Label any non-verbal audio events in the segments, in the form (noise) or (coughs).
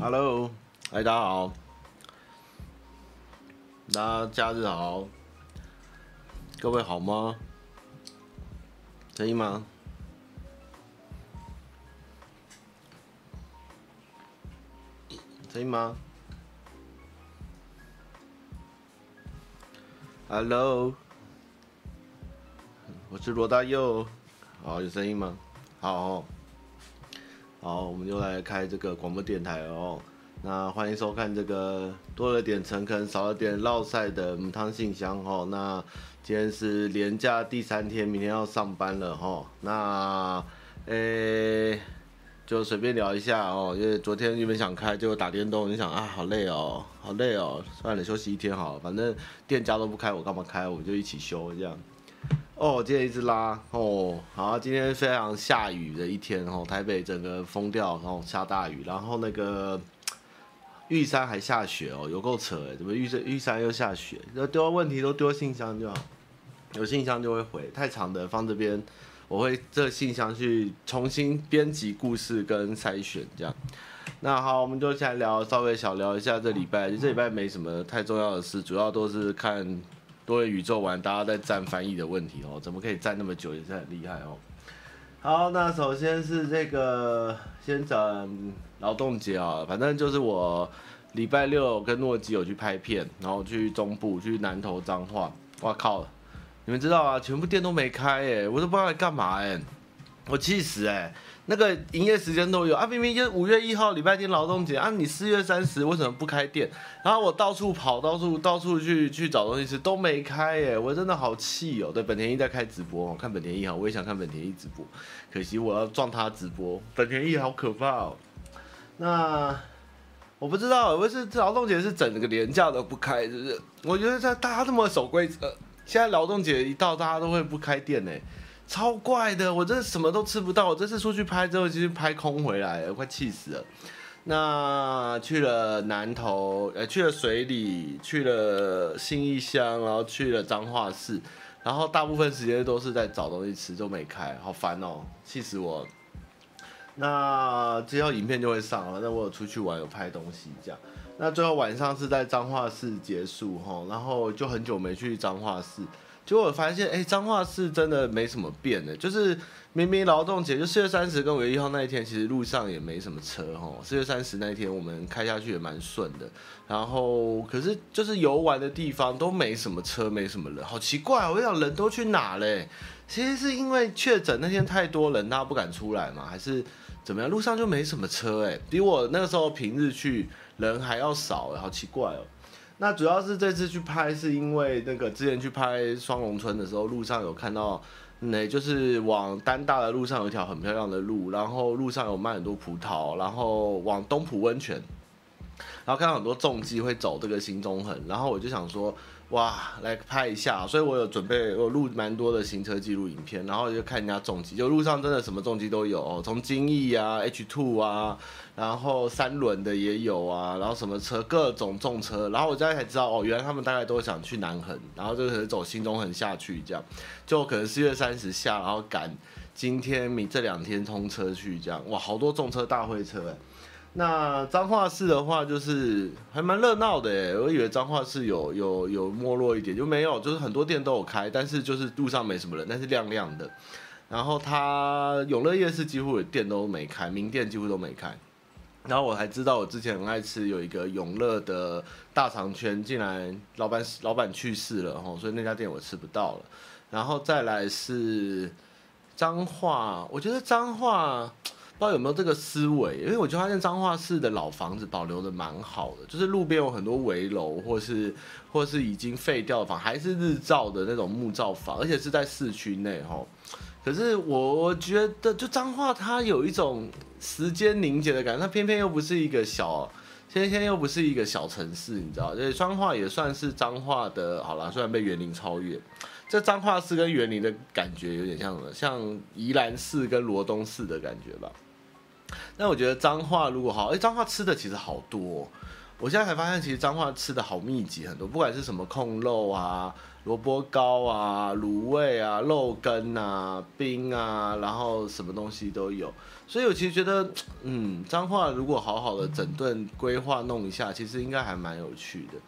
Hello，哎，大家好，大家假日好，各位好嗎？可以嗎？可以嗎？Hello，我是羅大佑，好，有聲音嗎？好。好，我們就來開這個廣播電台了哦。那歡迎收看這個多了點誠懇，少了點烙賽的姆湯信箱哦，那今天是連假第三天，明天要上班了哈、哦。那誒、欸，就隨便聊一下哦，因為昨天原本想開，結果打電動，你想啊，好累哦，好累哦，算了，休息一天好了，反正店家都不開，我幹嘛開？我就一起休這樣。哦，今天一直拉哦，好，今天非常下雨的一天哦，台北整個瘋掉，然後，哦，下大雨，然後那個玉山還下雪哦，有夠扯，怎麼玉山玉山又下雪？要丟問題都丟信箱就好。有信箱就會回，太長的放這邊，我會這信箱去重新編輯故事跟篩選這樣。那好，我們就先來聊，稍微小聊一下這禮拜，這禮拜沒什麼太重要的事，主要都是看。多宇宙玩，大家在站翻譯的問題哦，怎麼可以站那麼久也是很厲害哦。好，那首先是這個先講勞動節啊，反正就是我禮拜六跟諾基有去拍片，然後去中部，去南投彰化，哇靠，你們知道啊，全部店都沒開誒、欸，我都不知道來幹嘛誒、欸。我氣死哎、欸！那個營業時間都有啊，明明就五月一號禮拜天勞動節啊，你四月三十為什麼不開店？然後我到處跑，到處到處去去找東西吃，都沒開耶、欸！我真的好氣哦。對，本田一在開直播、喔，看本田一好，我也想看本田一直播，可惜我要撞他直播，本田一好可怕哦、喔。那我不知道、欸，不是勞動節是整個連假都不開，就是我覺得在大家這麼守規則，現在勞動節一到，大家都會不開店哎、欸。超怪的，我這什麼都吃不到。我這次出去拍之後，就是拍空回來了，快氣死了。那去了南投，呃、欸，去了水里，去了信義鄉，然後去了彰化市，然後大部分時間都是在找東西吃，都沒開，好煩哦，氣死我了。那之後影片就會上了，那我有出去玩，有拍東西這樣。那最後晚上是在彰化市結束哈，然後就很久沒去彰化市。結果我發現，哎，彰化是真的沒什麼變的，就是明明勞動節就四月三十跟五月一號那一天，其實路上也沒什麼車哦。四月三十那天我們開下去也蠻順的，然後可是就是遊玩的地方都沒什麼車，沒什麼人，好奇怪哦，我想人都去哪嘞？其實是因為確診那天太多人，他不敢出來嘛，還是怎麼樣？路上就沒什麼車，哎，比我那個時候平日去人還要少，好奇怪哦。那主要是這次去拍，是因為那個之前去拍雙龍村的時候，路上有看到，那就是往丹大的路上有一條很漂亮的路，然後路上有賣很多葡萄，然後往東埔溫泉，然後看到很多重機會走這個新中橫，然後我就想說。哇，來拍一下，所以我有準備，我錄蠻多的行車記錄影片，然後就看人家重機，就路上真的什麼重機都有，從金翼啊、H2 啊，然後三輪的也有啊，然後什麼車各種重車，然後我現在才知道哦，原來他們大概都想去南橫，然後就是走新中橫下去，這樣就可能四月三十下，然後趕今天你這兩天通車去，這樣哇，好多重車大會車、欸。那彰化市的話，就是還蠻熱鬧的誒。我以為彰化市有有有沒落一點，就沒有，就是很多店都有開，但是就是路上沒什麼人，但是亮亮的。然後他永樂夜市幾乎有店都沒開，名店幾乎都沒開。然後我還知道我之前很愛吃有一個永樂的大腸圈，竟然老闆老闆去世了吼，所以那家店我吃不到了。然後再來是彰化，我覺得彰化。不知道有沒有這個思維，因為我就發現彰化市的老房子保留的蠻好的，就是路邊有很多圍樓，或是或是已經廢掉的房，還是日照的那種木造房，而且是在市區內哦。可是我覺得，就彰化它有一種時間凝結的感覺，它偏偏又不是一個小，現在現在又不是一個小城市，你知道，所以彰化也算是彰化的好啦，雖然被員林超越。這彰化市跟員林的感覺有點像什麼？像宜蘭市跟羅東市的感覺吧。那我覺得彰化如果好，哎、欸，彰化吃的其實好多哦。我現在才發現，其實彰化吃的好密集，很多，不管是什麼控肉啊、蘿蔔糕啊、滷味啊、肉羹啊、冰啊，然後什麼東西都有。所以我其實覺得，嗯，彰化如果好好的整頓規劃弄一下，其實應該還蠻有趣的。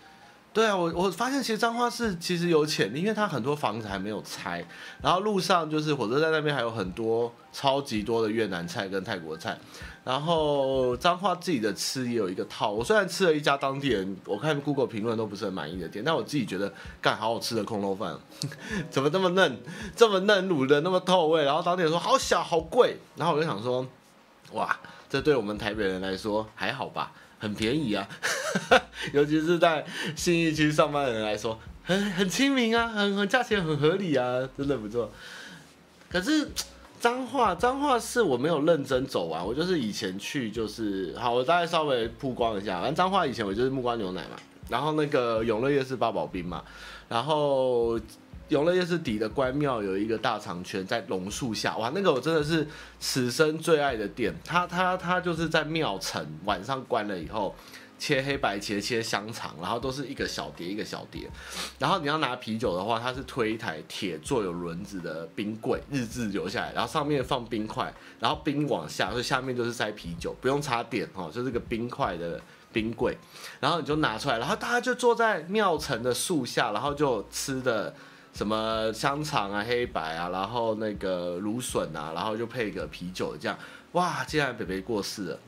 對啊，我我發現其實彰化市其實有潛力，因為它很多房子還沒有拆，然後路上就是火車站那邊還有很多超級多的越南菜跟泰國菜，然後彰化自己的吃也有一個套。我雖然吃了一家當地人，我看 Google 評論都不是很滿意的店，但我自己覺得，幹好好吃的控肉飯，呵呵，怎麼這麼嫩，這麼嫩滷得那麼透味，然後當地人說好小好貴，然後我就想說，哇，這對我們台北人來說還好吧。很便宜啊，呵呵，尤其是在信義區上班的人來說，很很親民啊，很很價錢很合理啊，真的不錯。可是彰化，彰化是我沒有認真走完，啊，我就是以前去就是好，我大概稍微曝光一下。反正彰化以前我就是木瓜牛奶嘛，然後那個永樂夜市八寶冰嘛，然後。永樂夜市底的關廟有一個大腸圈，在榕樹下，哇，那個我真的是此生最愛的店。他他他就是在廟埕，晚上關了以後，切黑白切切香腸，然後都是一個小碟一個小碟。然後你要拿啤酒的話，它是推一台鐵做有輪子的冰櫃，日志留下來，然後上面放冰塊，然後冰往下，所以下面就是塞啤酒，不用插電哦，就是個冰塊的冰櫃，然後你就拿出來，然後大家就坐在廟埕的樹下，然後就吃的。什麼香腸啊，黑白啊，然後那個蘆筍啊，然後就配個啤酒，這樣哇！竟然，北北過世了，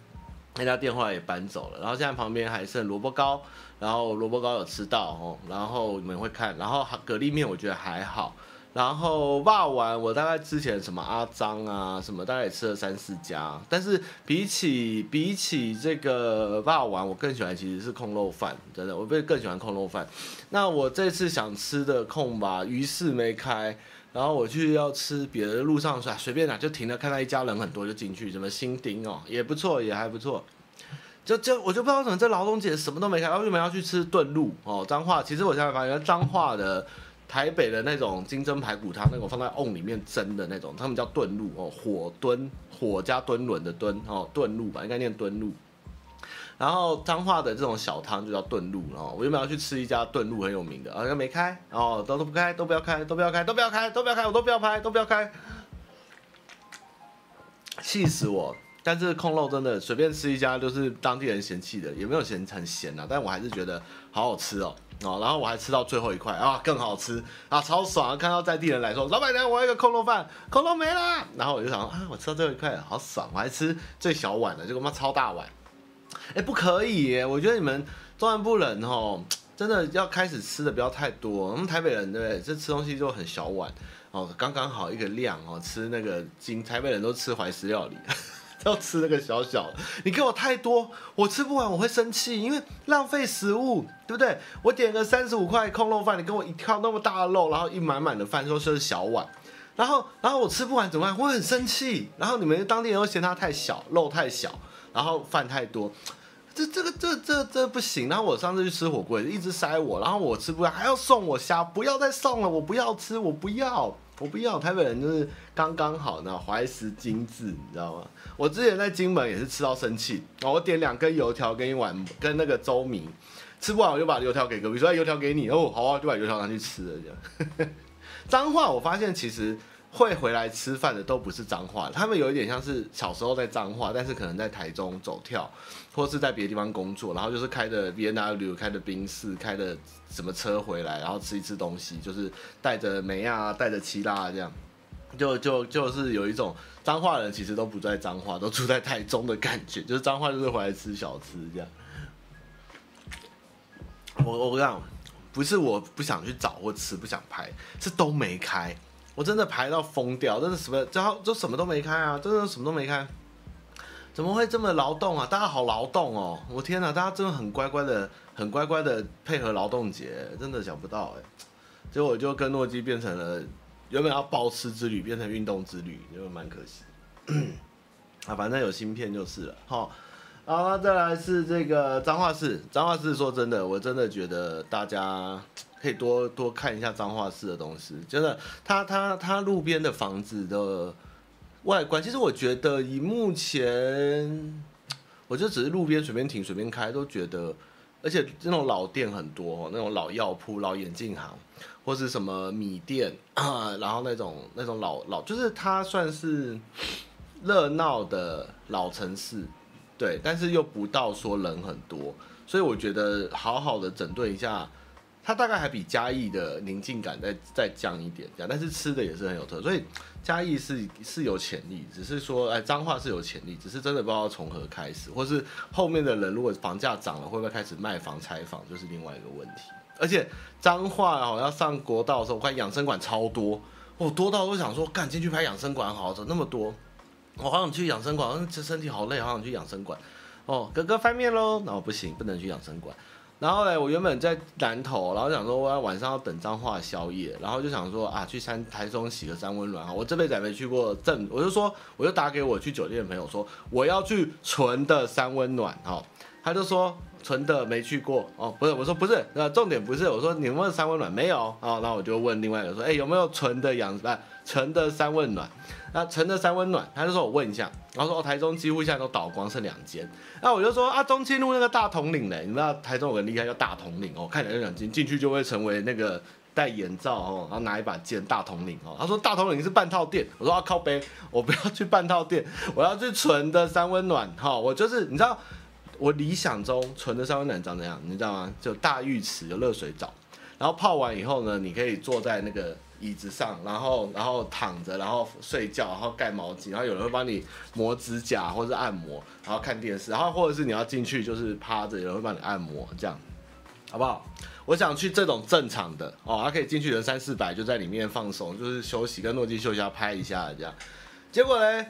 那家店後來也搬走了，然後現在旁邊還剩蘿蔔糕，然後蘿蔔糕有吃到哦，然後你們會看，然後蛤蜊麵我覺得還好。然後霸王，我大概之前什麼阿璋啊什麼，大概也吃了三四家。但是比起比起這個霸王，我更喜歡其實是控肉飯，真的，我更喜歡控肉飯。那我這次想吃的控吧，於是沒開。然後我去要吃別的路上，隨便哪、啊、就停了，看到一家人很多就進去，什麼新丁哦，也不錯，也還不錯。就就我就不知道怎麼這勞動節什麼都沒開，然後又沒要去吃燉肉哦，彰化。其實我現在感覺彰化的。台北的那種金針排骨湯，那種放在甕裡面蒸的那種，他們叫燉鹿哦，火燉火加燉輪的燉哦，燉鹿吧，應該念燉鹿。然後彰化的這種小湯就叫燉鹿，然後我原本要去吃一家燉鹿很有名的？好像沒開哦，都都不開，都不要開，都不要開，都不要開，都不要開，我都不要拍，都不要開，氣死我！但是控肉真的隨便吃一家都是當地人嫌棄的，也沒有嫌很鹹啊，但我還是覺得好好吃哦。哦，然後我還吃到最後一塊啊，更好吃啊，超爽！看到在地人來說，老闆娘，我要一個爌肉飯。爌肉沒啦。然後我就想說，啊，我吃到最後一塊，好爽！我還吃最小碗的，就我媽超大碗。欸、不可以，我覺得你們中南部人哦，真的要開始吃的不要太多。我們台北人對不對？這吃東西就很小碗哦，剛剛好一個量哦。吃那個，今台北人都吃懷石料理。要吃那個小小的，你給我太多，我吃不完，我會生氣，因為浪費食物，對不對？我點個三十五塊控肉飯，你給我一挑那麼大的肉，然後一滿滿的飯，說，就是小碗，然後然後我吃不完怎麼辦？我很生氣。然後你們當地人又嫌它太小，肉太小，然後飯太多，這這個這這這不行。然後我上次去吃火鍋，一直塞我，然後我吃不完還要送我蝦，不要再送了，我不要吃，我不要。我不要，台北人就是剛剛好呢，懷石精致，你知道嗎？我之前在金門也是吃到生氣，然後我點兩根油條跟一碗跟那個粥米，吃不完我就把油條給隔壁，比如說油條給你，哦，好啊，就把油條拿去吃了這樣。彰化，我發現其實會回來吃飯的都不是彰化，他們有一點像是小時候在彰化，但是可能在台中走跳，或是在別的地方工作，然後就是開的 BMW 開的賓士，開的什麼車回來，然後吃一次東西，就是帶着梅啊，帶着七辣、啊、這樣，就就就是有一種彰化人，其實都不在彰化，都住在台中的感覺，就是彰化就是回來吃小吃這樣。我我跟你講，不是我不想去找或吃，不想排，是都沒開，我真的排到瘋掉，真的什麼，後就什麼都沒開啊，真的什麼都沒開。怎麼會這麼勞動啊？大家好勞動哦！我天吶，大家真的很乖乖的，很乖乖的配合勞動節，真的想不到哎、欸。結果我就跟諾基變成了原本要暴吃之旅變成運動之旅，就蠻可惜。 (coughs) 啊，反正有新片就是了。好，然後再來是這個彰化市。彰化市說真的，我真的覺得大家可以多多看一下彰化市的東西。真的，他他他路邊的房子都。外觀其實我覺得，以目前，我就只是路邊隨便停，隨便開都覺得，而且那種老店很多，那種老藥鋪、老眼鏡行，或是什麼米店，然後那種那種老老，就是它算是熱鬧的老城市，對，但是又不到說人很多，所以我覺得好好的整頓一下。它大概還比嘉義的寧靜感再再降一點，這樣，但是吃的也是很有特色，所以嘉義是是有潛力，只是說，哎、欸，彰化是有潛力，只是真的不知道從何開始，或是後面的人如果房價漲了，會不會開始賣房拆房，就是另外一個問題。而且彰化好像要上國道的時候，我看養生館超多，我、哦、多到都想說，趕緊去拍養生館，好，怎那麼多？我好想去養生館，這身體好累，好想去養生館。哦，哥哥翻面嘍，那我不行，不能去養生館。然後嘞，我原本在南投，然後想說，我要晚上要等彰化宵夜，然後就想說啊，去三台中洗個三溫暖啊，我這輩子還沒去過正，我就說，我就打給我去酒店的朋友說，我要去純的三溫暖啊，哦，他就說純的沒去過哦，不是，我說不是，那重點不是，我說你問三溫暖沒有啊，哦、然後我就問另外一個說，哎有沒有純的養來。純的三溫暖，那純的三溫暖，他就說我問一下，然後說、哦、台中幾乎現在都倒光剩兩間，那我就說啊，中清路那個大統領嘞，你知道台中有個厲害叫大統領哦，看起來就兩間，進去就會成為那個戴眼罩哦，然後拿一把劍大統領哦。他說大統領是半套店，我說啊靠北，我不要去半套店，我要去純的三溫暖哈、哦，我就是你知道我理想中純的三溫暖長怎樣，你知道嗎？就大浴池，有熱水澡，然後泡完以後呢，你可以坐在那個。椅子上，然後然後躺着，然後睡覺，然後蓋毛巾，然後有人會幫你磨指甲或者是按摩，然後看電視，然後或者是你要進去就是趴着，有人會幫你按摩，這樣，好不好？我想去這種正常的哦，他可以進去人三四百就在裡面放鬆，就是休息跟諾基休息，要拍一下這樣。結果嘞，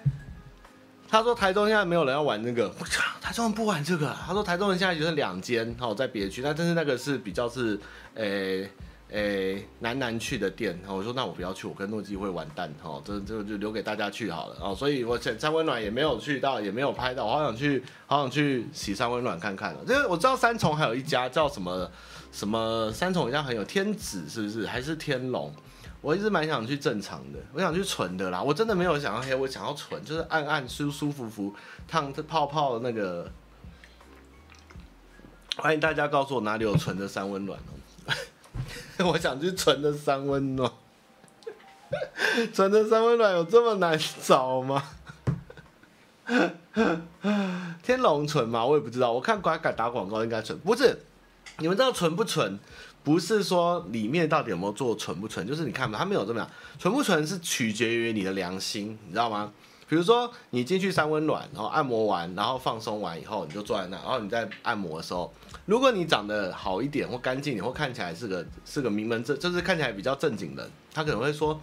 他說台中現在沒有人要玩那個，我操，台中不玩這個。他說台中人現在就是兩間哦，在別區，但但是那個是比較是誒。誒、欸，男男去的店，哦，我說那我不要去，我跟諾基會完蛋，哦，這這就留給大家去好了哦。所以，我三溫暖也沒有去到，也沒有拍到，我好想去，好想去洗三溫暖看看，啊。因為我知道三重還有一家叫什麼什麼三重一家很有天子是不是？還是天龍？我一直蠻想去正常的，我想去純的啦，我真的沒有想要嘿，我想要純，就是暗暗舒舒服服燙泡泡的那個。歡迎大家告訴我哪裡有純的三溫暖哦。 (laughs) 我想去純的三溫暖，純的三溫暖有這麼難找嗎？ (laughs) 天龍純嗎？我也不知道。我看乖乖打廣告應該純，不是？你們知道純不純？不是說裡面到底有沒有做純不純，就是你看嘛，他沒有這麼樣。純不純是取決於你的良心，你知道嗎？比如說，你進去三溫暖，然後按摩完，然後放鬆完以後，你就坐在那，然後你在按摩的時候，如果你長得好一點或乾淨，你會看起來是個是個名門正，就是看起來比較正經的，他可能會說，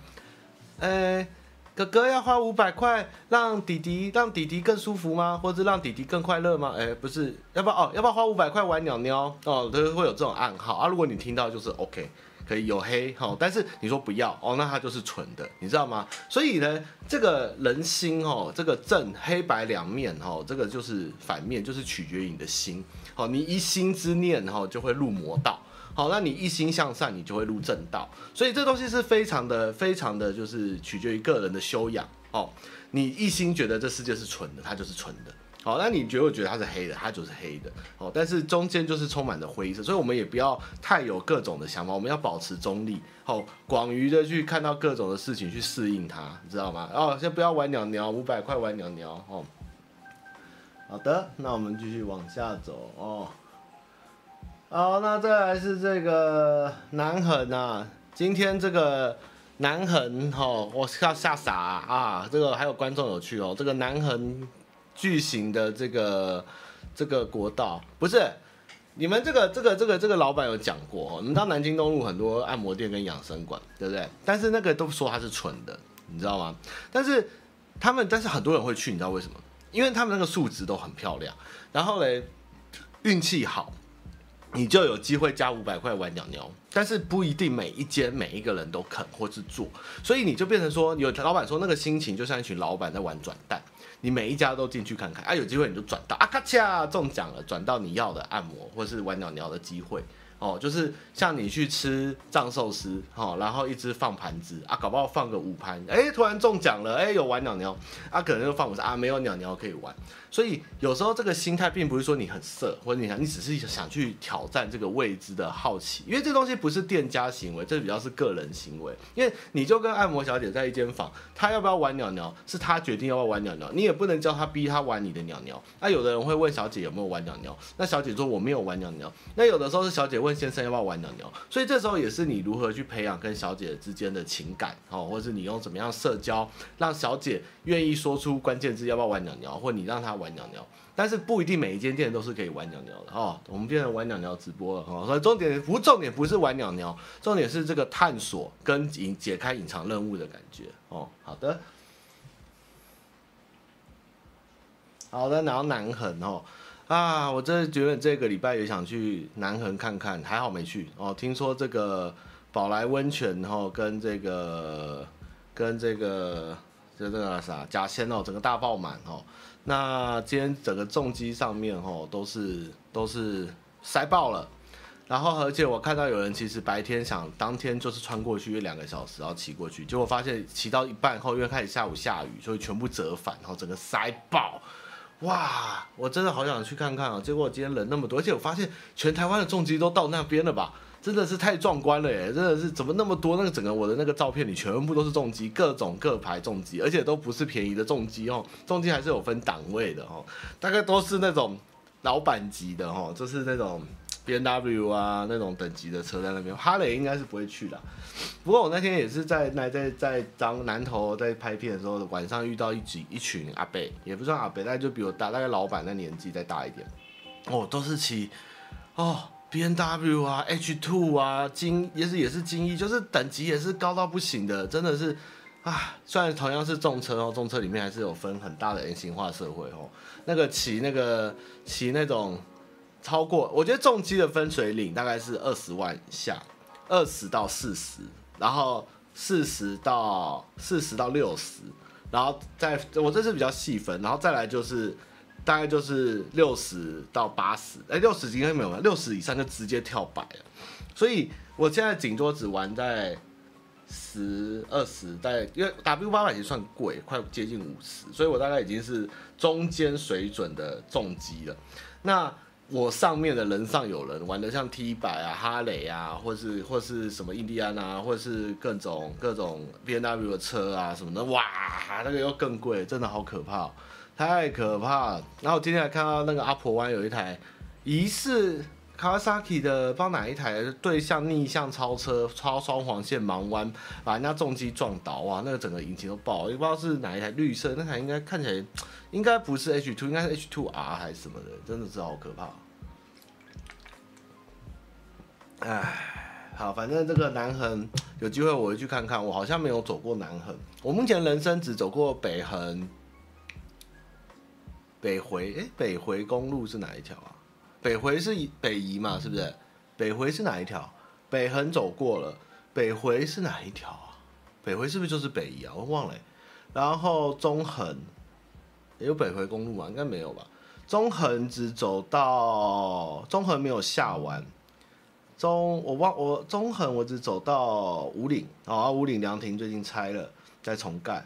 呃、欸，哥哥要花五百塊讓弟弟讓弟弟更舒服嗎？或者是讓弟弟更快樂嗎？哎、欸，不是，要不要哦？要不要花五百塊玩鳥鳥？哦，都、就是、會有這種暗號啊。如果你聽到就是 OK。可以有黑哈，但是你說不要哦，那它就是純的，你知道嗎？所以呢，這個人心哦，這個正黑白兩面哦，這個就是反面，就是取決於你的心。好，你一心之念哈，就會入魔道；好，那你一心向善，你就會入正道。所以這東西是非常的、非常的就是取決於個人的修養。哦，你一心覺得這世界是純的，它就是純的。好，那你覺得？我覺得它是黑的，它就是黑的。好，但是中間就是充滿着灰色，所以我們也不要太有各種的想法，我們要保持中立。好，廣於的去看到各種的事情，去適應它，你知道嗎？哦，先不要玩鳥鳥，五百塊玩鳥鳥。哦，好的，那我們繼續往下走。哦，好，那再來是這個南橫啊，今天這個南橫，哦，我是要嚇傻啊，啊！這個還有觀眾有趣哦，這個南橫。巨型的這個這個國道不是你們這個這個這個這個老闆有講過，你們到南京東路很多按摩店跟養生館，對不對？但是那個都說它是純的，你知道嗎？但是他們，但是很多人會去，你知道為什麼？因為他們那個數值都很漂亮，然後呢，運氣好，你就有機會加五百塊玩鳥鳥，但是不一定每一間每一個人都肯或是做，所以你就變成說，有老闆說那個心情就像一群老闆在玩轉蛋。你每一家都進去看看啊，有機會你就轉到啊咔嚓，中獎了，轉到你要的按摩或是玩鳥鳥的機會。哦，就是像你去吃藏壽司，好、哦，然後一直放盤子啊，搞不好放個五盤，哎，突然中獎了，哎，有玩鳥鳥，啊，可能就放我說啊，沒有鳥鳥可以玩，所以有時候這個心態並不是說你很色，或者你想，你只是想去挑戰這個未知的好奇，因為這東西不是店家行為，這比較是個人行為，因為你就跟按摩小姐在一間房，她要不要玩鳥鳥是她決定要不要玩鳥鳥，你也不能叫她逼她玩你的鳥鳥，那、啊、有的人會問小姐有沒有玩鳥鳥，那小姐說我沒有玩鳥鳥，那有的時候是小姐問。問先生要不要玩鳥鳥？所以這時候也是你如何去培養跟小姐之間的情感哦，或是你用怎麼樣社交讓小姐願意說出關鍵字，要不要玩鳥鳥，或者你讓她玩鳥鳥。但是不一定每一間店都是可以玩鳥鳥的哦。我們變成玩鳥鳥直播了哦，所以重點不重點不是玩鳥鳥，重點是這個探索跟隱解開隱藏任務的感覺哦。好的，好的，然後南橫哦。啊，我真的覺得這個禮拜也想去南橫看看，還好沒去哦。聽說這個寶來溫泉吼、哦，跟這個跟這個叫那個啥甲仙哦，整個大爆滿哦。那今天整個重機上面哦，都是都是塞爆了。然後而且我看到有人其實白天想當天就是穿過去一兩個小時，然後騎過去，結果發現騎到一半後，因為開始下午下雨，所以全部折返，然後整個塞爆。哇，我真的好想去看看啊！結果今天人那麼多，而且我發現全台灣的重機都到那邊了吧？真的是太壯觀了耶！真的是怎麼那麼多？那個整個我的那個照片裡全部都是重機，各種各牌重機，而且都不是便宜的重機哦。重機還是有分檔位的哦，大概都是那種老闆級的哦，就是那種。BMW 啊，那種等級的車在那邊，哈雷應該是不會去的。不過我那天也是在那在在南投在拍片的時候，晚上遇到一集一群阿伯，也不算阿伯，但就比我大，大概老板那年紀再大一點。哦，都是騎哦 BMW 啊，H Two 啊，金也是也是金一，就是等級也是高到不行的，真的是啊，雖然同樣是重車哦，重車裡面還是有分很大的人性化社會哦。那個騎那個騎那種。超過，我覺得重機的分水嶺大概是二十萬以下，二十到四十，然後四十到四十到六十，然後再我這是比較細分，然後再來就是大概就是六十到八十、欸，哎，六十應該沒有了，六十以上就直接跳百了。所以我現在頂多只玩在十、二十，在因為 W 八百也算貴，快接近五十，所以我大概已經是中間水準的重機了。那。我上面的人上有人玩的像 T 一百啊、哈雷啊，或是或是什麼印第安啊，或是各種各種 BMW 的車啊什麼的，哇，那、這個又更貴，真的好可怕、哦，太可怕。然後我今天還看到那個阿婆灣有一台疑似。Kawasaki 的不知道哪一台，對向逆向超車，超雙黃線盲彎，把人家重機撞倒，啊，哇！那個整個引擎都爆，也不知道是哪一台綠色，那台應該看起來應該不是 H Two，應該是 H Two R 還是什麼的，真的是好可怕、啊。哎，好，反正這個南橫有機會我會去看看，我好像沒有走過南橫，我目前人生只走過北橫、北回，哎、欸，北回公路是哪一條啊？北回是北移嘛，是不是？北回是哪一條？北橫走過了，北回是哪一條啊？北回是不是就是北移啊？我忘了、欸。然後中橫有北回公路嗎？應該沒有吧。中橫只走到中橫沒有下完。中我忘我中橫我只走到武嶺、哦、啊，武嶺涼亭最近拆了，再重蓋。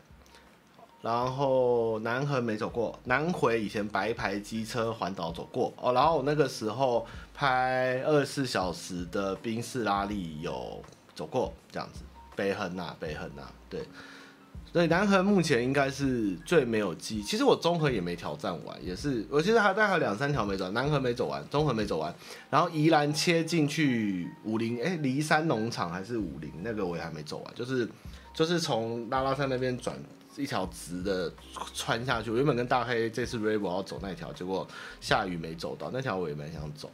然後南橫沒走過，南回以前白牌機車環島走過哦。然後我那個時候拍二十四小時的冰室拉力有走過這樣子。北橫啊，北橫啊，對。所以南橫目前應該是最沒有機。其實我中橫也沒挑戰完，也是，我其實還大概兩三條沒走。南橫沒走完，中橫沒走完。然後宜蘭切進去武陵，哎，梨山農場還是武陵那個我也還沒走完，就是就是從拉拉山那邊轉。是一條直的穿下去。我原本跟大黑這次 Rave 我要走那條，結果下雨沒走到那條，我也蠻想走。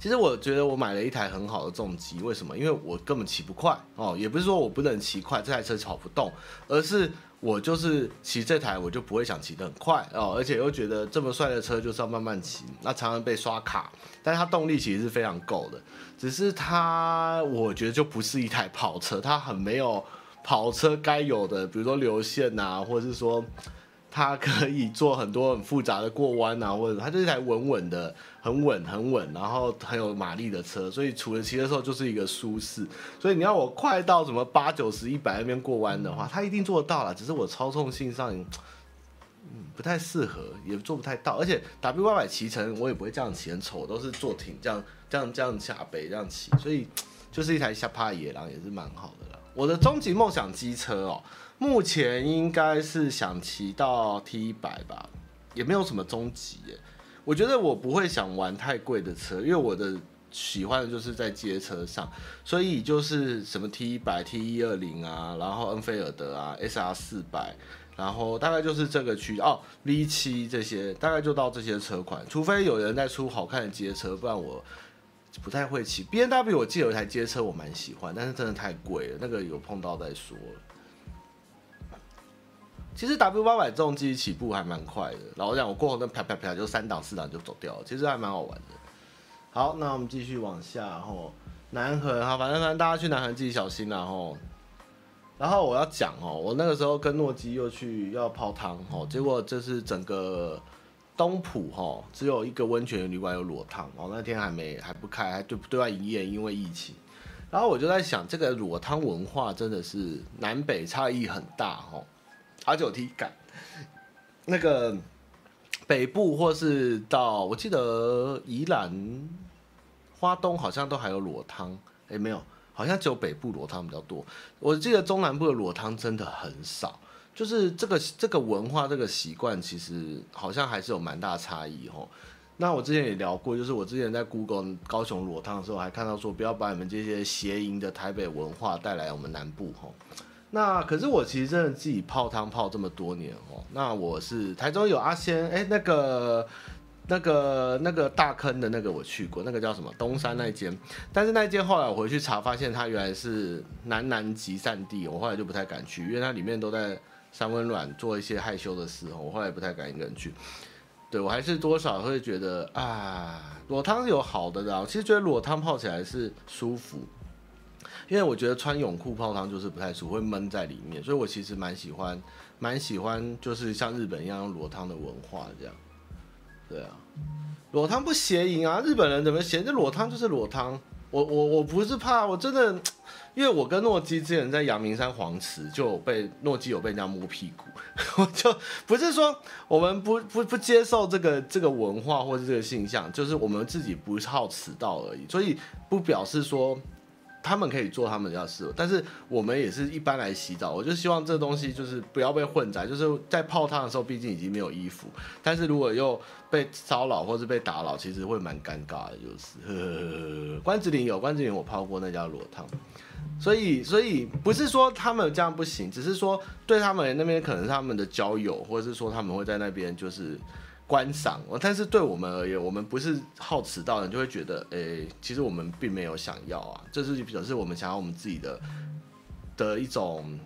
其實我覺得我買了一台很好的重機，為什麼？因為我根本騎不快哦，也不是說我不能騎快，這台車跑不動，而是我就是騎這台我就不會想騎得很快哦，而且又覺得這麼帥的車就是要慢慢騎，那常常被刷卡，但是它動力其實是非常夠的，只是它我覺得就不是一台跑車，它很沒有。跑車該有的，比如說流線吶、啊，或者是說它可以做很多很複雜的過彎吶、啊，或者它就是一台穩穩的、很穩很穩，然後很有馬力的車。所以除了騎的時候就是一個舒適。所以你要我快到什麼八九十一百那邊過彎的話，它一定做得到啦，只是我操控性上，嗯、不太適合，也做不太到。而且 W800 騎乘我也不會這樣騎很醜，都是坐挺這樣這樣這樣下背這樣騎，所以就是一台下趴野狼也是蠻好的了。我的終極夢想機車哦，目前應該是想騎到 T 一百吧，也沒有什麼終極耶。我覺得我不會想玩太貴的車，因為我的喜歡的就是在街車上，所以就是什麼 T 一百、T 一二零啊，然後恩菲爾德啊、SR 四百，然後大概就是這個區哦，V 七這些大概就到這些車款，除非有人在出好看的街車，不然我。不太會騎，B N W 我記得有一台街車我蠻喜歡，但是真的太貴了，那個有碰到再說。其實 W800 這種機器起步還蠻快的，然後講我,我過後那啪啪啪,啪就三檔四檔就走掉了，其實還蠻好玩的。好，那我們繼續往下吼、哦，南橫哈，反正反正大家去南橫自己小心然、啊、吼、哦。然後我要講哦，我那個時候跟諾基又去要泡湯哦，結果就是整個。東埔、喔、只有一個溫泉的旅館有裸湯，我、喔、那天還沒還不開，還對對外營業，因為疫情。然後我就在想，這個裸湯文化真的是南北差異很大哈。阿、喔、有體感那個北部或是到我記得宜蘭、花東好像都還有裸湯，誒、欸，沒有，好像只有北部裸湯比較多。我記得中南部的裸湯真的很少。就是這個這個文化這個習慣，其實好像還是有蠻大差異哦。那我之前也聊過，就是我之前在 Google 高雄裸湯的時候，還看到說不要把你們這些邪淫的台北文化帶來我們南部吼、哦。那可是我其實真的自己泡湯泡這麼多年哦。那我是台中有阿仙哎，那個那個、那個、那個大坑的那個我去過，那個叫什麼東山那一間。但是那一間後來我回去查，發現它原來是南南集散地，我後來就不太敢去，因為它裡面都在。三溫暖做一些害羞的事哦，我後來不太敢一個人去。對我還是多少會覺得啊，裸湯有好的啦、啊。我其實覺得裸湯泡起來是舒服，因為我覺得穿泳褲泡湯就是不太舒服，會悶在裡面。所以我其實蠻喜歡，蠻喜歡就是像日本一樣用裸湯的文化這樣。對啊，裸湯不邪淫啊，日本人怎麼邪這裸湯就是裸湯，我我我不是怕，我真的。因為我跟諾基之前在陽明山皇池就有被諾基，有被人家摸屁股，我 (laughs) 就不是說我們不不不接受這個這個文化或者這個現象，就是我們自己不好此道而已，所以不表示說。他們可以做他們家事，但是我們也是一般來洗澡。我就希望這東西就是不要被混雜，就是在泡湯的時候，畢竟已經沒有衣服。但是如果又被騷擾或是被打擾，其實會蠻尷尬的。就是呵呵呵關子嶺有關子嶺，我泡過那家裸湯，所以所以不是說他們這樣不行，只是說對他們那邊可能是他們的交友，或者是說他們會在那邊就是。觀賞，但是對我們而言，我們不是好遲到的，人就會覺得，誒、欸，其實我們並沒有想要啊，這、就是表示我們想要我們自己的的一種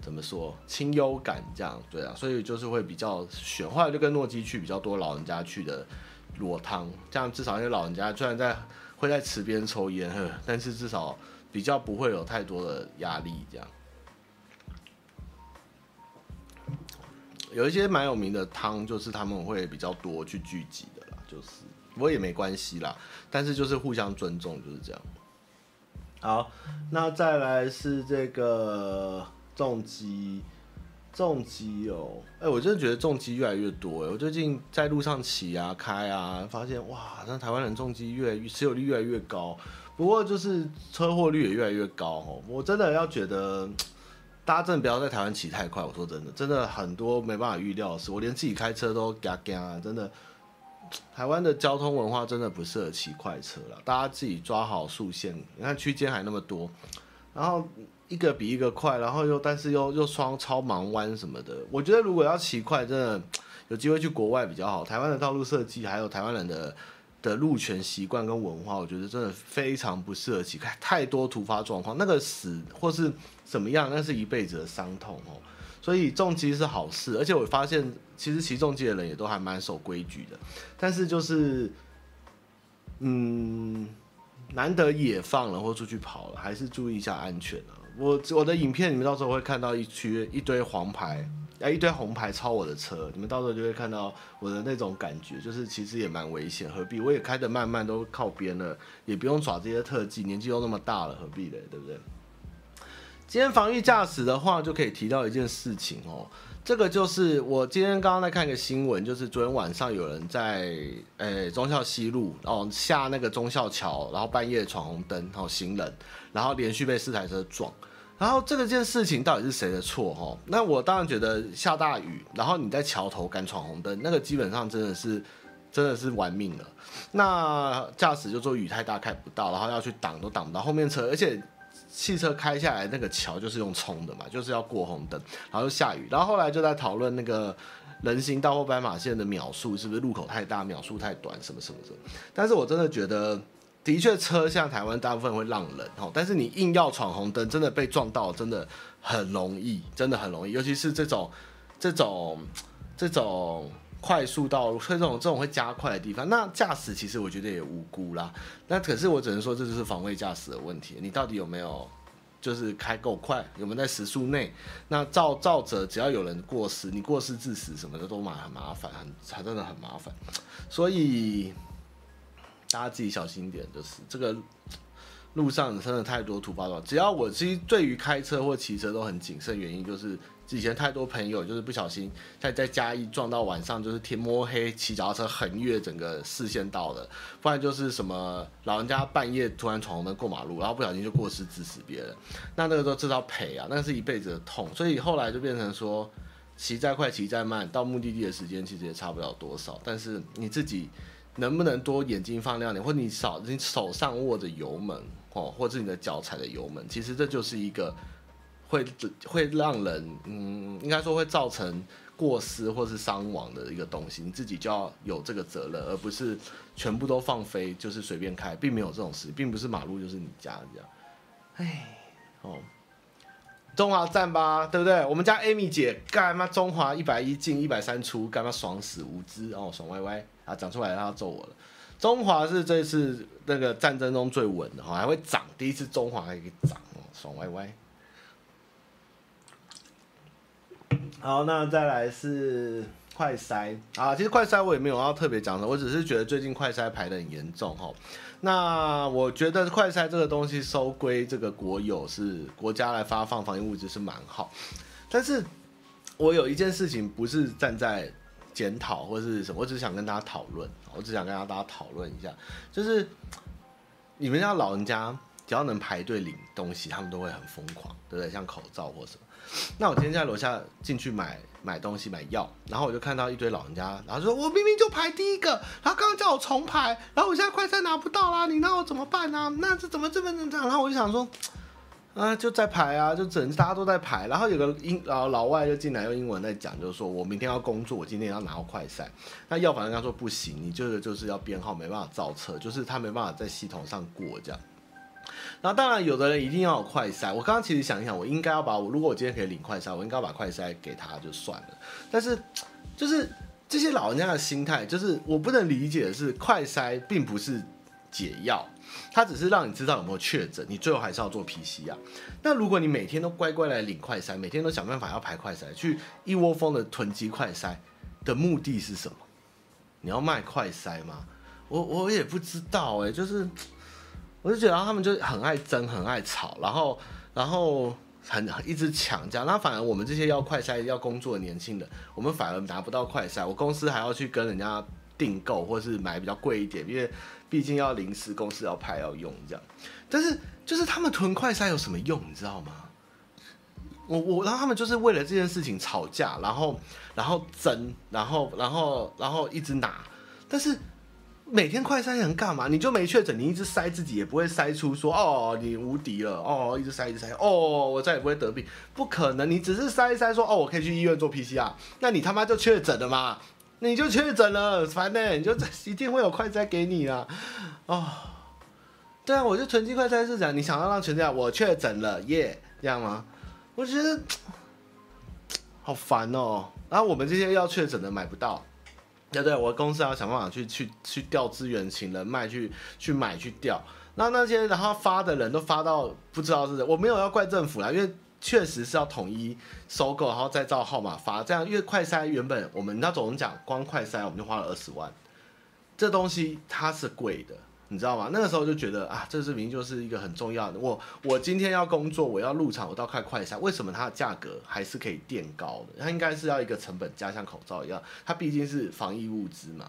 怎麼說清幽感，這樣對啊，所以就是會比較選，或者就跟諾基去比較多老人家去的裸湯，這樣至少因為老人家雖然在會在池邊抽煙，但是至少比較不會有太多的壓力，這樣。有一些蠻有名的湯，就是他們會比較多去聚集的啦，就是不過也沒關係啦，但是就是互相尊重就是這樣。好，那再來是這個重機。重機哦，哎，我真的覺得重機越來越多，哎，我最近在路上騎啊開啊，發現哇，那台灣人重機越來越持有率越來越高，不過就是車禍率也越來越高，哦，我真的要覺得。大家真的不要在台灣騎太快，我說真的，真的很多沒辦法預料的事，我連自己開車都嘎嘎，真的，台灣的交通文化真的不適合騎快車了。大家自己抓好速限，你看區間還那麼多，然後一個比一個快，然後又但是又又雙超盲彎什麼的，我覺得如果要騎快，真的有機會去國外比較好。台灣的道路設計還有台灣人的。的路權習慣跟文化，我覺得真的非常不適合騎，太多突發狀況，那個死或是怎麼樣，那是一輩子的傷痛哦。所以重機是好事，而且我發現其實騎重機的人也都還蠻守規矩的。但是就是，嗯，難得野放了或出去跑了，還是注意一下安全啊。我我的影片裡面到時候會看到一堆一堆黃牌。哎，一堆紅牌超我的車，你們到時候就會看到我的那種感覺，就是其實也蠻危險，何必？我也開得慢慢，都靠邊了，也不用耍這些特技，年紀又那麼大了，何必嘞？對不對？今天防御駕駛的話，就可以提到一件事情哦，這個就是我今天剛剛在看一個新聞，就是昨天晚上有人在誒忠孝西路哦下那個忠孝橋，然後半夜闖紅燈，然後行人，然後連續被四台車撞。然後這個件事情到底是誰的錯哦，那我當然覺得下大雨，然後你在橋頭敢闖紅燈，那個基本上真的是真的是玩命了。那駕駛就說雨太大開不到，然後要去擋都擋不到後面車，而且汽車開下來那個橋就是用衝的嘛，就是要過紅燈，然後又下雨。然後後來就在討論那個人行道或斑馬線的秒數是不是路口太大，秒數太短什麼什麼什麼。但是我真的覺得。的確，車像台灣大部分會讓人哦，但是你硬要闖紅燈，真的被撞到，真的很容易，真的很容易。尤其是這種、這種、這種快速道路，這種、這種會加快的地方，那駕駛其實我覺得也無辜啦。那可是我只能說，這就是防衛駕駛的問題。你到底有沒有就是開夠快？有沒有在時速內？那照照着，只要有人過失，你過失致死什麼的都蠻很麻煩，很還真的很麻煩，所以。大家自己小心點，就是這個路上真的太多突發狀況。只要我其實對於開車或騎車都很謹慎，原因就是以前太多朋友就是不小心在在家一撞到晚上就是天摸黑騎腳踏車橫越整個四線道的不然就是什麼老人家半夜突然闖紅燈過馬路，然後不小心就過失致死別人。那那個時候至少賠啊，那是一輩子的痛。所以後來就變成說，騎再快騎再慢，到目的地的時間其實也差不了多少，但是你自己。能不能多眼睛放亮點，或你少你手上握着油門哦，或者你的腳踩着油門，其實這就是一個會會讓人嗯，應該說，會造成過失或是傷亡的一個東西，你自己就要有這個責任，而不是全部都放飛，就是隨便開，並沒有這種事，並不是馬路就是你家這樣。哎，哦，中華讚吧，對不對？我們家 Amy 姐幹嘛中華一百一進一百三出，幹嘛爽死無知哦，爽歪歪。啊，漲出來他要揍我了。中華是這次那個戰爭中最穩的哈，還會漲。第一次中華還可以漲，爽歪歪。好，那再來是快篩啊。其實快篩我也沒有要特別講的，我只是覺得最近快篩排的很嚴重哈。那我覺得快篩這個東西收歸這個國有，是國家來發放防疫物資是蠻好。但是我有一件事情不是站在。檢討或者是什麼，我只是想跟大家討論，我只想跟大家討論一下，就是你們家老人家只要能排隊領東西，他們都會很瘋狂，對不對？像口罩或什麼。那我今天在樓下進去買買東西買藥，然後我就看到一堆老人家，然後說我明明就排第一個，然後剛剛叫我重排，然後我現在快篩拿不到啦，你讓我怎麼辦呢？啊？那這怎麼這麼正常？然後我就想說，啊，就在排啊，就整，大家都在排。然後有個英老老外就進來用英文在講，就是說我明天要工作，我今天要拿到快篩。那藥房跟他說不行，你這個就是要編號，沒辦法造車，就是他沒辦法在系統上過這樣。那當然，有的人一定要有快篩。我剛剛其實想一想，我應該要把我如果我今天可以領快篩，我應該要把快篩給他就算了。但是就是這些老人家的心態，就是我不能理解的是，快篩並不是解藥。它只是讓你知道有沒有確診，你最後還是要做 PCR、啊。那如果你每天都乖乖來領快篩，每天都想辦法要排快篩，去一窩蜂的囤積快篩的目的是什麼？你要賣快篩嗎？我我也不知道哎、欸，就是我就覺得他們就很愛爭，很愛吵，然後然後很，很一直搶這樣。那反而我們這些要快篩要工作的年輕人，我們反而拿不到快篩。我公司還要去跟人家訂購，或是買比較貴一點，因為。畢竟要臨時公司要派要用這樣，但是就是他們囤快篩有什麼用，你知道嗎？我我然後他們就是為了這件事情吵架，然後然後爭，然後然後然後，然後一直拿，但是每天快篩能幹嘛？你就沒確診，你一直篩自己也不會篩出說哦你無敵了哦，一直篩，一直篩哦我再也不會得病，不可能，你只是篩一篩說哦我可以去醫院做 PCR，那你他媽就確診了嘛。你就確診了，煩呢、欸？你就一定會有快篩給你啊哦，對啊，我就囤積快篩是這樣，你想要讓全家我確診了耶，yeah, 這樣嗎？我覺得好煩哦、喔。然後我們這些要確診的買不到，對對，對，我公司要想辦法去去去調資源，請人脈去去買去調。那那些然後發的人都發到不知道是誰，我沒有要怪政府啦，因為。確實是要統一收購，然後再照號碼發，這樣。因為快篩原本我們那總講，光快篩我們就花了二十萬，這東西它是貴的，你知道嗎？那個時候就覺得啊，這明明就是一個很重要的。我我今天要工作，我要入場，我到看快篩，為什麼它的價格還是可以墊高的？它應該是要一個成本加，像口罩一樣，它畢竟是防疫物資嘛。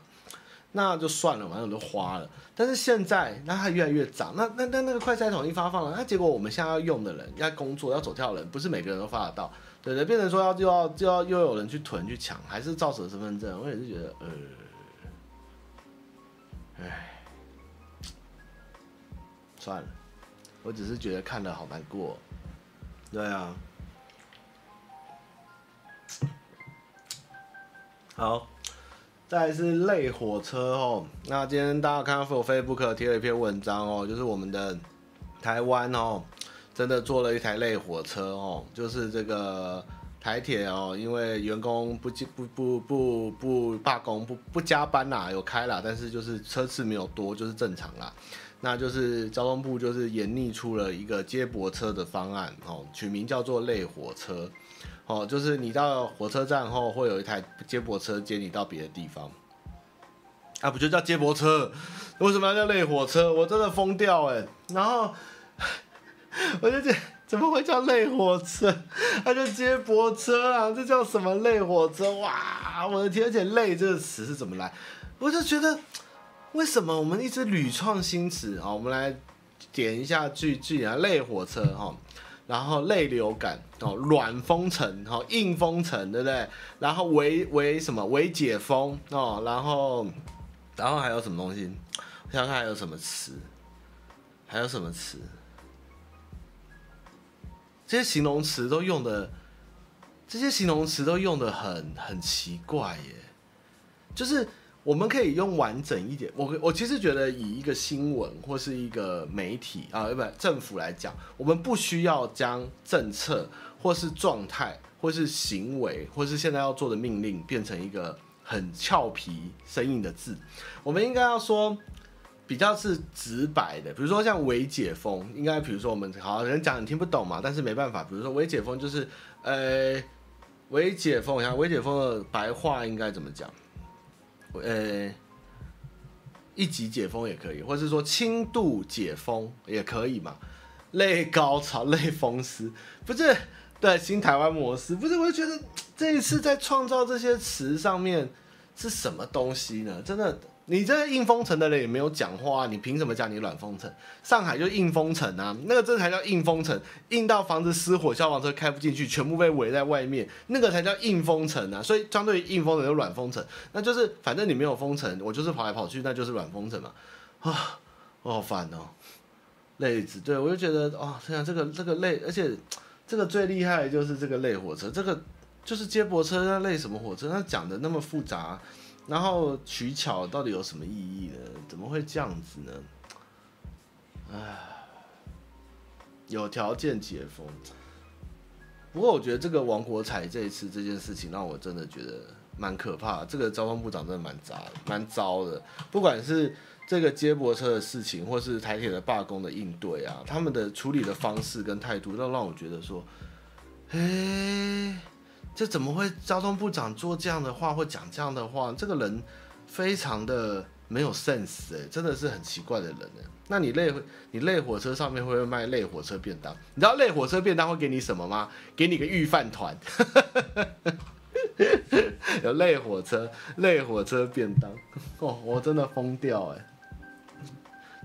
那就算了嘛，反正都花了。但是現在，那它越來越漲。那那那，那那個快篩統一發放了，那結果我們現在要用的人，要工作要走跳人，不是每個人都發得到。對不對，變成說要就要就要又有人去囤去搶，還是照死身份證。我也是覺得，呃，唉，算了，我只是覺得看得好難過。對啊，好。現在是類火車哦，那今天大家看到 Facebook 貼了一篇文章哦，就是我們的台灣哦，真的做了一台類火車哦，就是這個台鐵哦，因為員工不接不不不不罷工不不，不加班啦，有開啦，但是就是車次沒有多，就是正常啦。那就是交通部就是研擬出了一個接駁車的方案哦，取名叫做類火車。哦，就是你到火車站後，會有一台接駁車接你到別的地方。啊，不就叫接駁車？為什麼要叫類火車？我真的瘋掉哎、欸！然後我就覺得怎麼會叫類火車？它、啊、叫接駁車啊，這叫什麼類火車？哇，我的天！而且“類”這個詞是怎麼來？我就覺得為什麼我們一直屢創新詞？好、哦，我們來點一下句句啊類火車哈。哦然後類流感、哦、軟封城哦，硬封城對不對？然後微、微什麼、微解封哦？然後然後還有什麼東西？我想，想看還有什麼詞，還有什麼詞？這些形容詞都用的，這些形容詞都用的很很奇怪耶，就是。我們可以用完整一點。我我其實覺得，以一個新聞或是一個媒體啊，不，政府來講，我們不需要將政策或是狀態或是行為或是現在要做的命令變成一個很俏皮生硬的字。我們應該要說比較是直白的，比如說像“微解封”，應該比如說我們好，人講你聽不懂嘛，但是沒辦法。比如說“微解封”就是呃“微解封”，我想“微解封”的白話應該怎麼講？呃、欸，一級解封也可以，或是說輕度解封也可以嘛？類高潮、類風濕，不是，對，新台灣模式？不是，我就覺得這一次在創造這些詞上面是什麼東西呢？真的。你這硬封城的人也沒有講話、啊，你憑什麼叫你軟封城？上海就硬封城啊，那個這才叫硬封城，硬到房子失火，消防車開不進去，全部被圍在外面，那個才叫硬封城啊。所以相對於硬封城，就軟封城，那就是反正你沒有封城，我就是跑來跑去，那就是軟封城嘛。啊，我好煩哦，累死！對我就覺得啊，天、哦、啊，這個這個累，而且這個最厲害的就是這個類火車，這個就是接駁車那類什麼火車，那講的那麼複雜、啊。然後取巧到底有什麼意義呢？怎麼會這樣子呢？唉，有條件解封。不過我覺得這個王國材這一次這件事情，讓我真的覺得蠻可怕的。這個交通部長真的蠻雜的、蠻糟的。不管是這個接駁車的事情，或是台鐵的罷工的應對啊，他們的處理的方式跟態度，都讓我覺得說，嘿。這怎麼會交通部長做這樣的話，或講這樣的話？這個人非常的沒有 sense 哎、欸，真的是很奇怪的人，欸。那你類，你類火車上面會不會賣類火車便當？你知道類火車便當會給你什麼嗎？給你個御飯團。 (laughs) 有類火車，類火車便當。哦，我真的瘋掉哎、欸！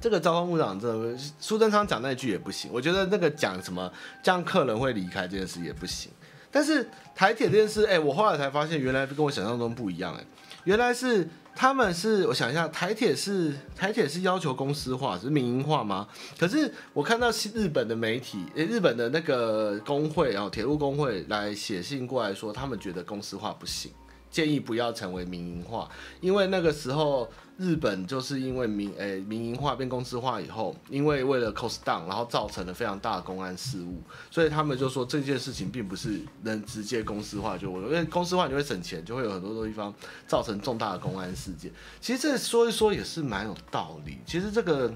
這個交通部長真的，蘇貞昌講那一句也不行。我覺得那個講什麼，這樣客人會離開這件事也不行。但是台鐵這件事，哎、欸，我後來才發現，原來跟我想象中不一樣、欸，哎，原來是他們是，我想一下，台鐵是台鐵是要求公司化，只是民營化嗎？可是我看到日本的媒體，哎、欸，日本的那個工會啊，鐵路工會來寫信過來說，他們覺得公司化不行。建議不要成為民營化，因為那個時候日本就是因為民誒、欸、民營化變公司化以後，因為為了 cost down，然後造成了非常大的公安事務，所以他們就說這件事情並不是能直接公司化就，因為公司化你會省錢，就會有很多多地方造成重大的公安事件。其實這說一說也是蠻有道理。其實這個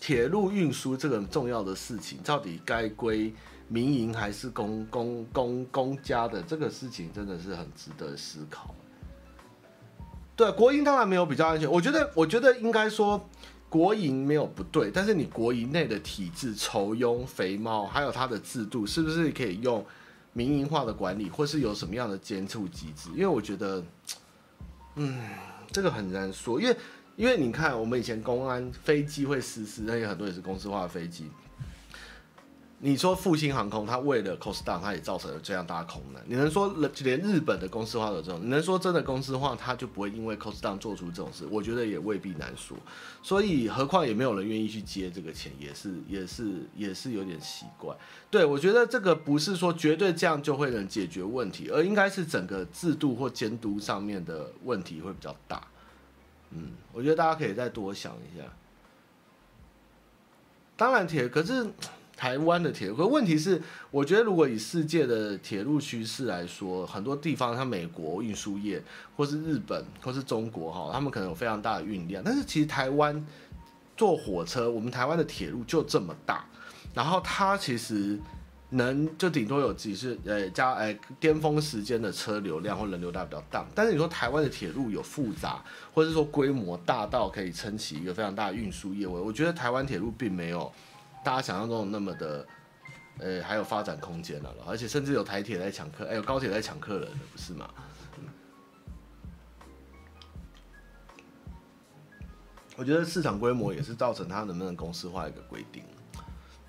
鐵路運輸這個重要的事情，到底該歸？民營還是公公公公家的這個事情真的是很值得思考欸。對，國營當然沒有比較安全，我覺得我覺得應該說國營沒有不對，但是你國營內的體制、抽佣、肥貓，還有它的制度，是不是可以用民營化的管理，或是有什麼樣的監督機制？因為我覺得，嗯，這個很難說，因為因為你看，我們以前公安飛機會失事，但是很多也是公司化的飛機。你說復興航空，它為了 cost down，它也造成了這樣大的空難。你能說，連日本的公司化都這種，你能說真的公司化，它就不會因為 cost down 做出這種事？我覺得也未必難說。所以，何況也沒有人願意去接這個錢，也是也是也是有點奇怪。對我覺得這個不是說絕對這樣就會能解決問題，而應該是整個制度或監督上面的問題會比較大。嗯，我覺得大家可以再多想一下。當然，鐵可是。台灣的鐵路，可問題是，我覺得如果以世界的鐵路趨勢來說，很多地方，像美國運輸業，或是日本，或是中國，哈，他們可能有非常大的運量。但是其實台灣坐火車，我們台灣的鐵路就這麼大，然後它其實能就頂多有幾次，呃、哎，加，呃、哎，巔峰時間的車流量或人流量比較大。但是你說台灣的鐵路有複雜，或者是說規模大到可以撐起一個非常大的運輸業，我，我覺得台灣鐵路並沒有。大家想象中的那麼的，呃、欸，還有發展空間了、啊，而且甚至有台鐵在搶客，哎、欸，有高鐵在搶客人的，不是嗎？我覺得市場規模也是造成它能不能公司化一個規定。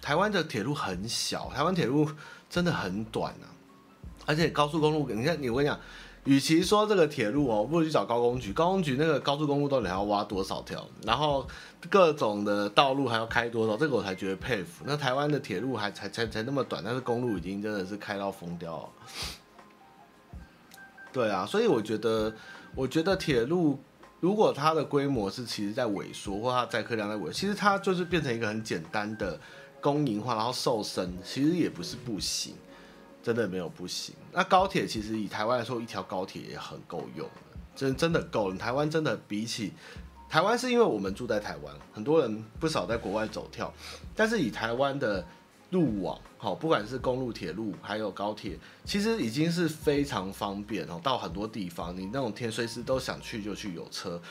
台灣的鐵路很小，台灣鐵路真的很短啊，而且高速公路，你看，你我跟你講。與其說這個鐵路哦、喔，不如去找高工局。高工局那個高速公路到底還要挖多少條，然後各種的道路還要開多少，這個我才覺得佩服。那台灣的鐵路還才才才那麼短，但是公路已經真的是開到瘋掉了。對啊，所以我覺得，我覺得鐵路如果它的規模是其實在萎縮，或它載客量在萎縮，其實它就是變成一個很簡單的公營化，然後瘦身，其實也不是不行，真的沒有不行。那高鐵其實以台灣來說，一條高鐵也很夠用，真真的夠了。台灣真的比起台灣，是因為我們住在台灣，很多人不少在國外走跳，但是以台灣的路網，哈、喔，不管是公路、鐵路，還有高鐵，其實已經是非常方便哦、喔。到很多地方，你那種天隨時都想去就去，有車，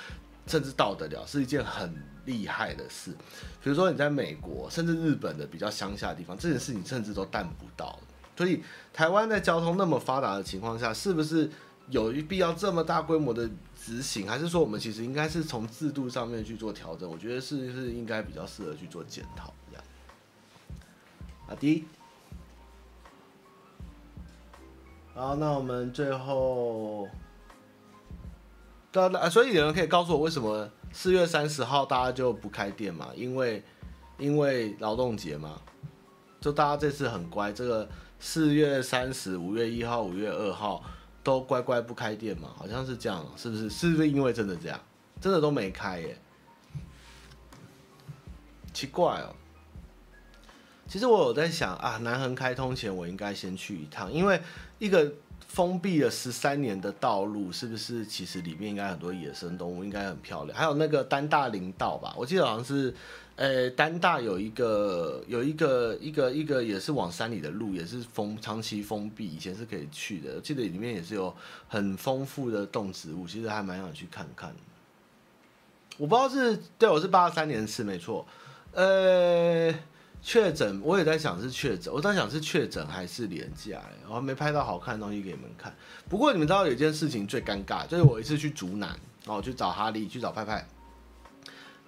甚至到得了，是一件很厲害的事。比如說你在美國，甚至日本的比較鄉下的地方，這件事你甚至都辦不到了。所以台灣在交通那麼發達的情況下，是不是有一必要這麼大規模的執行？還是說我們其實應該是從制度上面去做調整？我覺得是是應該比較適合去做檢討一樣。阿迪，好，那我們最後，大家，所以有人可以告訴我，為什麼四月三十號大家就不開店嗎？因為因為勞動節嘛，就大家這次很乖，這個。四月三十、五月一號、五月二號都乖乖不開店嘛？好像是這樣，是不是？是不是因為真的這樣？真的都沒開耶？奇怪哦。其實我有在想啊，南橫開通前我應該先去一趟，因為一個封閉了十三年的道路，是不是？其實裡面應該很多野生動物，應該很漂亮。還有那個丹大林道吧，我記得好像是。呃，丹大有一個有一個一個一個也是往山裡的路，也是封長期封閉，以前是可以去的。記得裡面也是有很豐富的動植物，其實還蠻想去看看。我不知道是對，我是八三年是沒錯。呃，確診，我也在想是確診，我在想是確診還是連假，我、哦、還沒拍到好看的東西給你們看。不過你們知道有一件事情最尷尬，就是我一次去竹南，然後去找哈利，去找派派。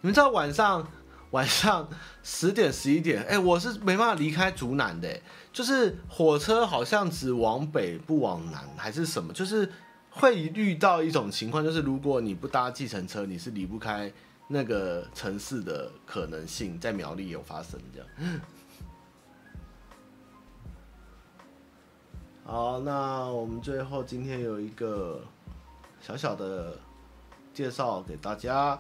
你們知道晚上？晚上十點、十一點，哎，我是沒辦法離開竹南的，就是火車好像只往北不往南，還是什麼，就是會遇到一種情況，就是如果你不搭計程車，你是離不開那個城市的可能性，在苗栗有發生這樣。 (laughs) 好，那我們最後今天有一個小小的介紹給大家。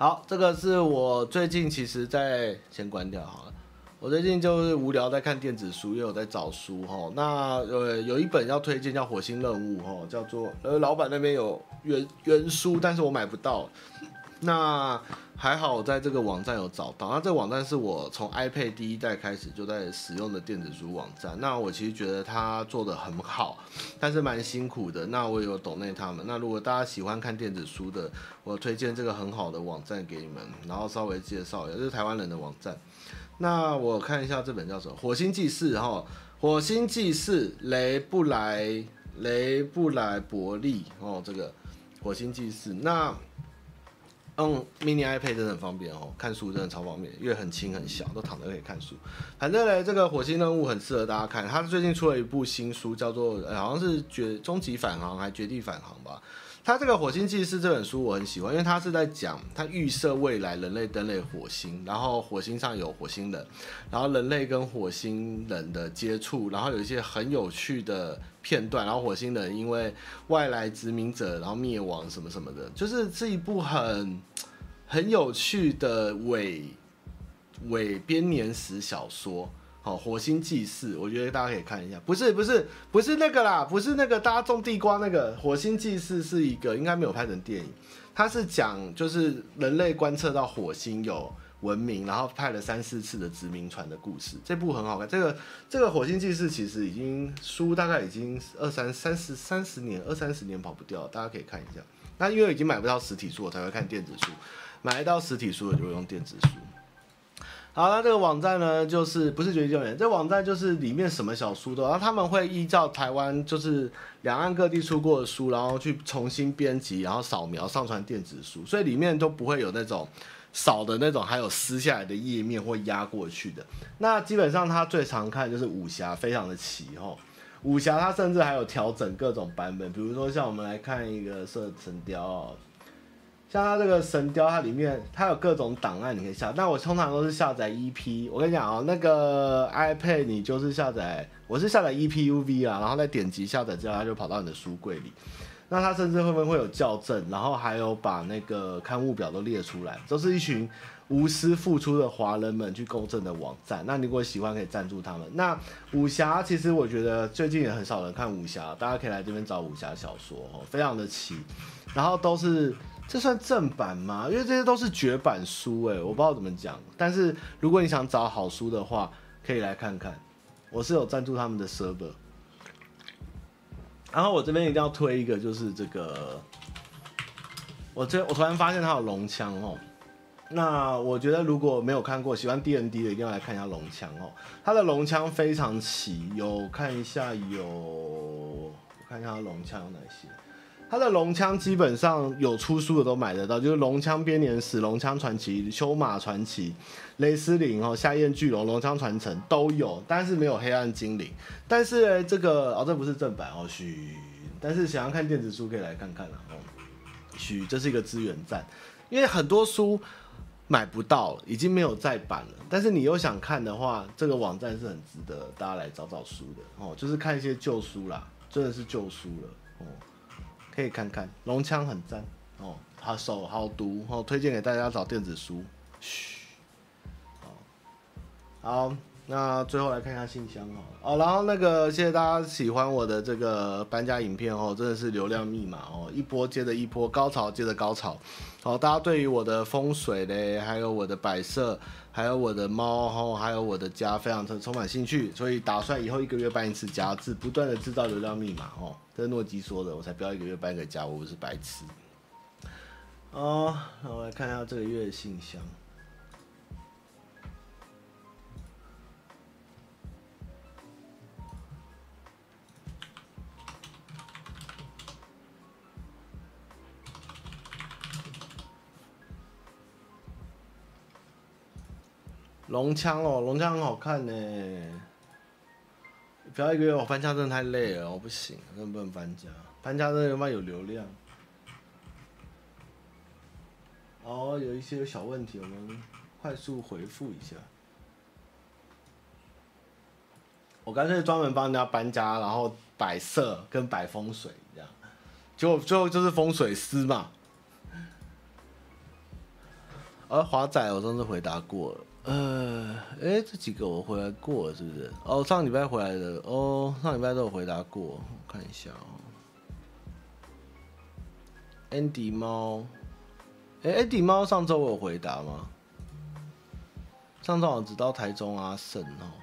好，這個是我最近其實在，在先關掉好了。我最近就是無聊在看電子書，也有在找書哈、哦。那呃有，有一本要推薦叫《火星任務》哈、哦，叫做呃老闆那邊有原原書，但是我買不到。那還好我在這個網站有找到，那這個網站是我從 iPad 第一代開始就在使用的電子書網站。那我其實覺得它做得很好，但是蠻辛苦的。那我也有 donate 他們。那如果大家喜歡看電子書的，我推薦這個很好的網站給你們，然後稍微介紹一下，這、就是台灣人的網站。那我看一下這本叫什麼？火星紀事哦，《火星紀事》哈，《火星紀事》雷布萊雷布萊伯利哦，這個《火星紀事》那。用 mini iPad 真的很方便哦，看書真的超方便，因為很輕很小，都躺着可以看書。反正嘞，這個火星任務很適合大家看，他最近出了一部新書，叫做……哎，好像是《絕終極返航》還是《絕地返航》吧？他這個《火星紀事》這本書我很喜歡，因為他是在講他預設未來人類登陸火星，然後火星上有火星人，然後人類跟火星人的接觸，然後有一些很有趣的片段，然後火星人因為外來殖民者然後滅亡什麼什麼的，就是這一部很很有趣的偽偽編年史小說。好，火星祭祀，我覺得大家可以看一下，不是不是不是那個啦，不是那個大家種地瓜那個，火星祭祀是一個，應該沒有拍成電影，它是講就是人類觀測到火星有文明，然後派了三四次的殖民船的故事，這部很好看，這個這個火星祭祀其實已經書大概已經二三三十三十年，二三十年跑不掉了，大家可以看一下，那因為已經買不到實體書，我才會看電子書，買得到實體書的就會用電子書。好，那這個網站呢，就是不是絕地救援？這個、網站就是裡面什麼小書都，然後他們會依照台灣就是兩岸各地出過的書，然後去重新編輯，然後掃描上傳電子書，所以裡面都不會有那種掃的那種，還有撕下來的頁面或壓過去的。那基本上他最常看就是武俠，非常的齊吼。武俠他甚至還有調整各種版本，比如說像我們來看一個、喔《射雕》。像它這個神雕，它裡面它有各種檔案，你可以下。那我通常都是下載 EP。我跟你講哦、喔，那個 iPad 你就是下載，我是下載 EPUB 啊，然後再點擊下載，之後它就跑到你的書櫃裡。那它甚至會不會有校正？然後還有把那個刊物表都列出來，都是一群無私付出的華人們去公正的網站。那你如果喜歡，可以贊助他們。那武俠其實我覺得最近也很少人看武俠，大家可以來這邊找武俠小說哦、喔，非常的齊，然後都是。這算正版嗎？因為這些都是絕版書。欸，哎，我不知道怎麼講。但是如果你想找好書的話，可以來看看。我是有贊助他們的 server。然後我這邊一定要推一個，就是這個。我這我突然發現他有龍槍哦。那我覺得如果沒有看過喜歡 D N D 的，一定要來看一下龍槍哦。他的龍槍非常齊，有看一下有，我看一下它龍槍有哪些。它的龍槍基本上有出書的都買得到，就是龍槍編年史、龍槍傳奇、修馬傳奇、雷斯林哦、夏焰巨龍、龍槍傳承都有，但是沒有黑暗精靈。但是、欸、這個哦，這不是正版哦，許。但是想要看電子書可以來看看啦，哦，許這是一個資源站，因為很多書買不到了，已經沒有再版了。但是你又想看的話，這個網站是很值得大家來找找書的哦，就是看一些舊書啦，真的是舊書了，哦。可以看看《龍槍》很讚哦，他手好毒哦，推薦給大家找電子書。噓，好，哦，好，那最後來看一下信箱哦。哦，然後那個謝謝大家喜歡我的這個搬家影片哦，真的是流量密碼哦，一波接着一波，高潮接着高潮哦。大家對於我的風水嘞，還有我的擺設，還有我的貓吼，還有我的家，非常充充滿興趣，所以打算以後一個月搬一次家，制不斷的制造流量密碼哦。這是諾基說的，我才不要一個月搬個家，我不是白痴。哦，我來看一下這個月的信箱。龍槍哦，龍槍很好看呢。下一個月我、哦、搬家真的太累了，我、哦、不行，根本不能搬家。搬家真的他媽有流量。哦，有一些有小問題，我們快速回復一下。我乾脆專門幫人家搬家，然後擺設跟擺風水這樣，結果最後就是風水師嘛。而、哦、華仔，我上次回答過了。呃，誒、欸，這幾個我回來過了是不是？哦、喔，上禮拜回來的哦、喔，上禮拜都有回答過，我看一下哦、喔欸。Andy 貓，欸，Andy 貓，上周我有回答嗎？上周好像只到台中阿勝哦。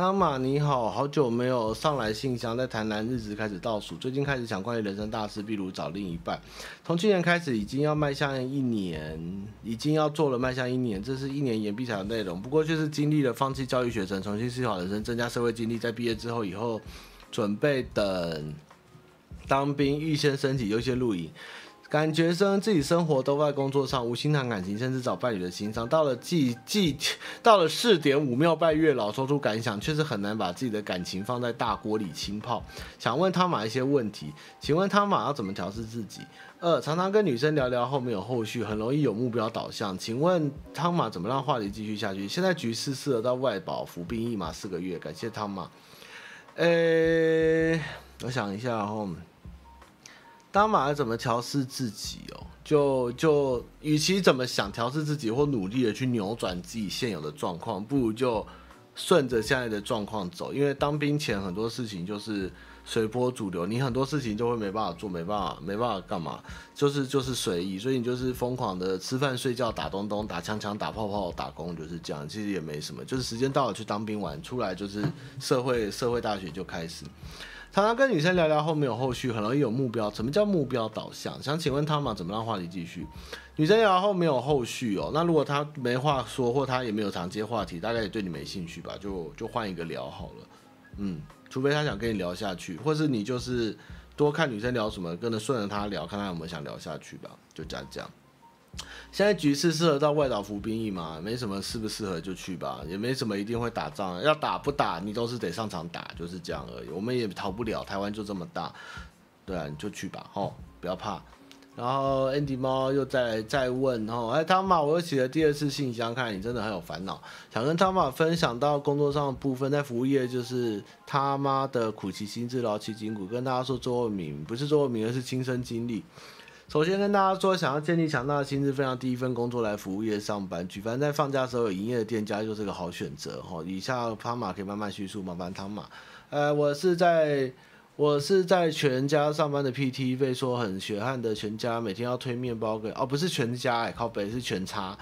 湯馬，你好，好久沒有上來信箱，在台南日子開始倒數，最近開始想關於人生大事，比如找另一半。從去年開始，已經要邁向一年，已經要做了邁向一年，這是一年延畢才的內容。不過卻是經歷了放棄教育學程，重新思考人生，增加社會經歷，在畢業之後以後準備等當兵，預先申請優先錄影。感覺生自己生活都在工作上，無心談感情，甚至找伴侶的心傷。到了季季，到了四點五秒拜月老，說出感想，卻是很難把自己的感情放在大鍋裡浸泡。想問湯馬一些問題，請問湯馬要怎麼調適自己？二、呃、常常跟女生聊聊後沒有後續，很容易有目標導向。請問湯馬怎麼讓話題繼續下去？現在局勢適合到外保服，服兵役嗎？四個月，感謝湯馬。誒、欸，我想一下後。湯馬怎麼調適自己哦？就就，與其怎麼想調適自己或努力的去扭轉自己現有的狀況，不如就順着現在的狀況走。因為當兵前很多事情就是隨波逐流，你很多事情就會沒辦法做，沒辦法沒辦法幹嘛，就是就是隨意。所以你就是瘋狂的吃飯睡覺打東東打槍槍打泡泡打工，就是這樣。其實也沒什麼，就是時間到了去當兵玩，出來就是社會社會大學就開始。常常跟女生聊聊後沒有後續，很容易有目標。什麼叫目標導向？想請問她嘛？怎麼讓話題繼續？女生聊後沒有後續哦，那如果她沒話說，或她也沒有常接話題，大概也對你沒興趣吧？就就換一個聊好了。嗯，除非她想跟你聊下去，或是你就是多看女生聊什麼，跟着順着她聊，看她有沒有想聊下去吧。就這樣這樣。現在局勢適合到外島服兵役嗎？沒什麼適不適合，就去吧，也沒什麼一定會打仗，要打不打你都是得上場打，就是這樣而已。我們也逃不了，台灣就這麼大。對啊，你就去吧，吼，不要怕。然後 Andy 貓又再再，再問，吼，哎，湯馬，我又寫了第二次信箱，看來你真的很有煩惱，想跟湯馬分享到工作上的部分，在服務業就是他媽的苦其心志，勞其筋骨。跟大家說，做惡明不是做惡明，而是親身經歷。首先跟大家說，想要建立強大的心智，非常第一份工作來服務業上班，舉凡在放假時候有營業的店家，就是一個好選擇哈。以下湯馬可以慢慢敘述，慢慢湯馬。呃，我是在我是在全家上班的 PT，被說很血汗的全家，每天要推麵包給，哦，不是全家、欸、靠北是全差。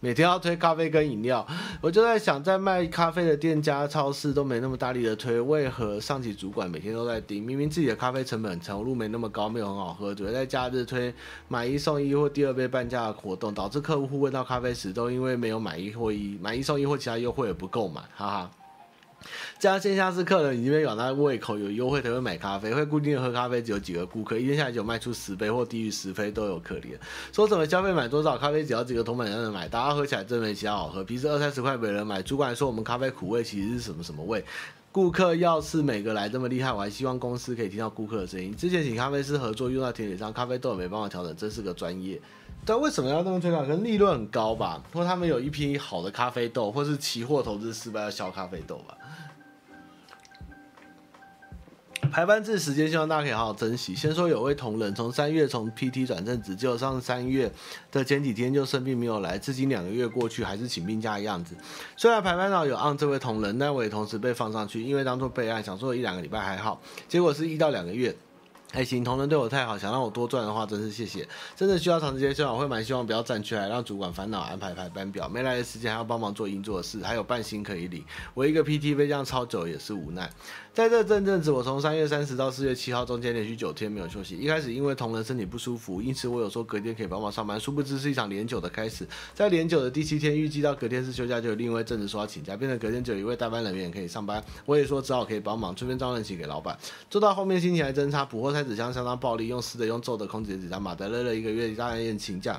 每天要推咖啡跟飲料，我就在想，在賣咖啡的店家、超市都沒那麼大力的推，為何上級主管每天都在盯？明明自己的咖啡成本成、成本路沒那麼高，沒有很好喝，總是在假日推買一送一或第二杯半價的活動，導致客戶會問到咖啡時都因為沒有買一或一買一送一或其他優惠而不購買，哈哈。這樣現象是客人已經被養大胃口，有優惠才會買咖啡，會固定的喝咖啡只有幾個顧客，一天下來就賣出十杯或低於十杯都有可憐。說什麼消費買多少咖啡只要幾個銅板就能買，大家喝起來真的沒其他好喝。平時二三十塊沒人買，主管說我們咖啡苦味，其實是什麼什麼味。顧客要是每個來這麼厲害，我還希望公司可以聽到顧客的聲音。之前請咖啡師合作用到甜點上，咖啡豆也沒辦法調整，這是個專業。但為什麼要這麼推廣？可能利潤很高吧，或他們有一批好的咖啡豆，或是期貨投資失敗要銷咖啡豆吧。排班制時間，希望大家可以好好珍惜。先說有位同仁從三月從 PT 轉正職，結果上三月的前幾天就生病沒有來，至今兩個月過去還是請病假的樣子。雖然排班表有 on 這位同仁，但我也同時被放上去，因為當做備案。想說一兩個禮拜還好，結果是一到兩個月，還、欸、行。同仁對我太好，想讓我多賺的話，真是謝謝。真的需要長時間休養，我會蠻希望不要站出來讓主管煩惱安排排班表，沒來的時間還要幫忙做應做的事，還有半薪可以領。我一個 PT 被這樣超久也是無奈。在這陣陣子，我從三月三十到四月七號中間連續九天沒有休息。一開始因為同仁身體不舒服，因此我有說隔天可以幫忙上班，殊不知是一場連九的開始。在連九的第七天，預計到隔天是休假，就有另一位正職說要請假，變成隔天就有一位代班人員也可以上班，我也說只好可以幫忙，順便招人氣給老闆。做到後面心情還真差，補貨拆紙箱相當暴力，用撕的、用揍的，空姐紙甲馬得勒勒一個月，大家也請假。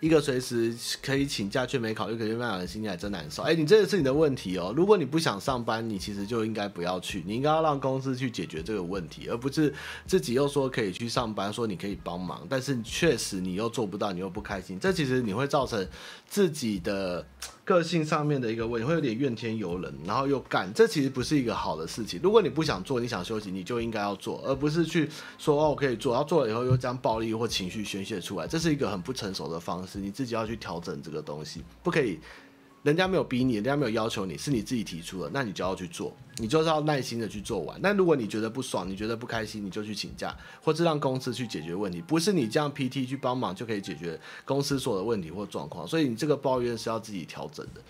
一個隨時可以請假卻沒考慮，可能那樣的心情還真難受。哎、欸，你這個是你的問題哦。如果你不想上班，你其實就應該不要去。你應該要讓公司去解決這個問題，而不是自己又說可以去上班，說你可以幫忙，但是確實你又做不到，你又不開心。這其實你會造成自己的個性上面的一個問題，會有點怨天尤人，然後又幹。這其實不是一個好的事情。如果你不想做，你想休息，你就應該要做，而不是去說哦我可以做，然後做了以後又將暴力或情緒宣泄出來，這是一個很不成熟的方式。你自己要去調整這個東西，不可以，人家沒有逼你，人家沒有要求你，是你自己提出的，那你就要去做，你就是要耐心的去做完。那如果你覺得不爽，你覺得不開心，你就去請假，或者讓公司去解決問題，不是你這樣 PT 去幫忙就可以解決公司所有的問題或狀況。所以你這個抱怨是要自己調整的。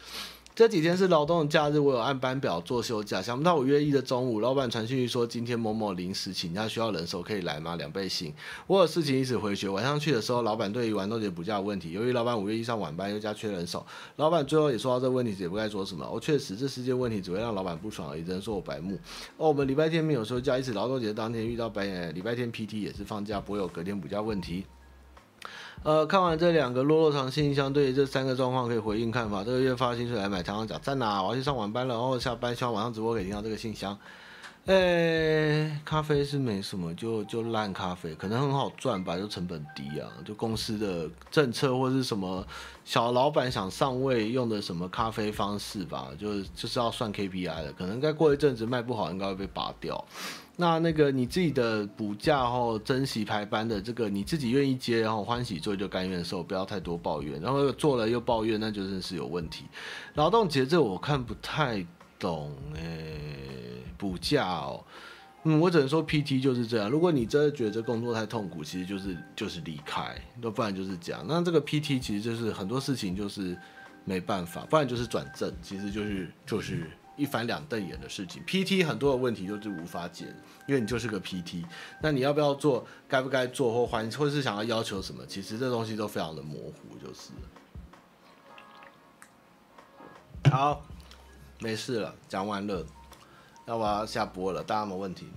這幾天是勞動的假日，我有按班表做休假。想不到五月一的中午，老闆傳訊息說今天某某臨時請假需要人手，可以來嗎？兩倍薪。我有事情一直回絕。晚上去的時候，老闆對於勞動節補假問題，由於老闆五月一上晚班又加缺人手，老闆最後也說到這個問題也不該說什麼。我、哦、確實這時間問題只會讓老闆不爽而已，只能說我白目。哦，我們禮拜天沒有休假，因此勞動節當天遇到白眼，禮拜天 PT 也是放假，不會有隔天補假問題。呃，看完這兩個落落長信箱，對於這三個狀況可以回應看法。這個月發薪水來買糖糖夾在哪？我要去上晚班了，然後下班希望晚上直播可以聽到這個信箱。呃、欸，咖啡是沒什麼，就就爛咖啡，可能很好賺吧，就成本低啊，就公司的政策或是什麼小老闆想上位用的什麼咖啡方式吧，就就是要算 KPI 的，可能該過一陣子賣不好應該會被拔掉。那那個你自己的補假吼，珍惜排班的這個你自己願意接，然後歡喜做就甘願受，不要太多抱怨。然後又做了又抱怨，那就真是有問題。勞動節這我看不太懂哎，補假哦，嗯，我只能說 PT 就是這樣。如果你真的覺得這工作太痛苦，其實就是就是離開，那不然就是講。那這個 PT 其實就是很多事情就是沒辦法，不然就是轉正，其實就是就是。嗯一翻兩瞪眼的事情，PT 很多的問題就是無法解，因為你就是個 PT。那你要不要做？該不該做？或還或是想要要求什麼？其實這東西都非常的模糊，就是。好，沒事了，講完了，那我要下播了。大家有沒有問題？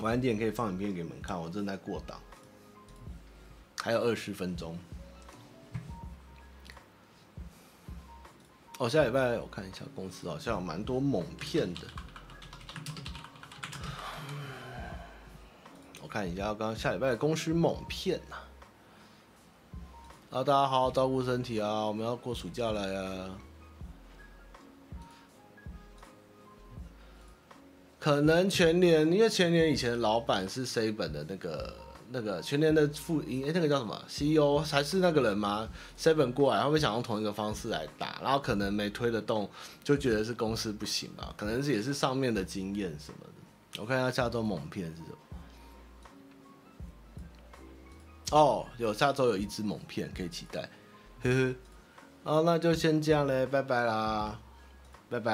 晚點可以放影片給你們看。我正在過檔，還有二十分鐘。哦，下禮拜我看一下公司，好像有蠻多猛片的。我看一下，剛剛下禮拜公司猛片吶、啊啊。啊，大家好好照顧身體啊，我們要過暑假了呀。可能全年，因為全年以前老闆是 C 本的那個。那個全年的副營，哎、欸，那個叫什麼？CEO 還是那個人嗎？Seven 過來，他們想用同一個方式來打，然後可能沒推得動，就覺得是公司不行啊，可能是也是上面的經驗什麼的。我看一下下周猛片是什麼？哦、oh，有，下周有一隻猛片可以期待，呵呵。好，那就先這樣嘞，拜拜啦，拜拜。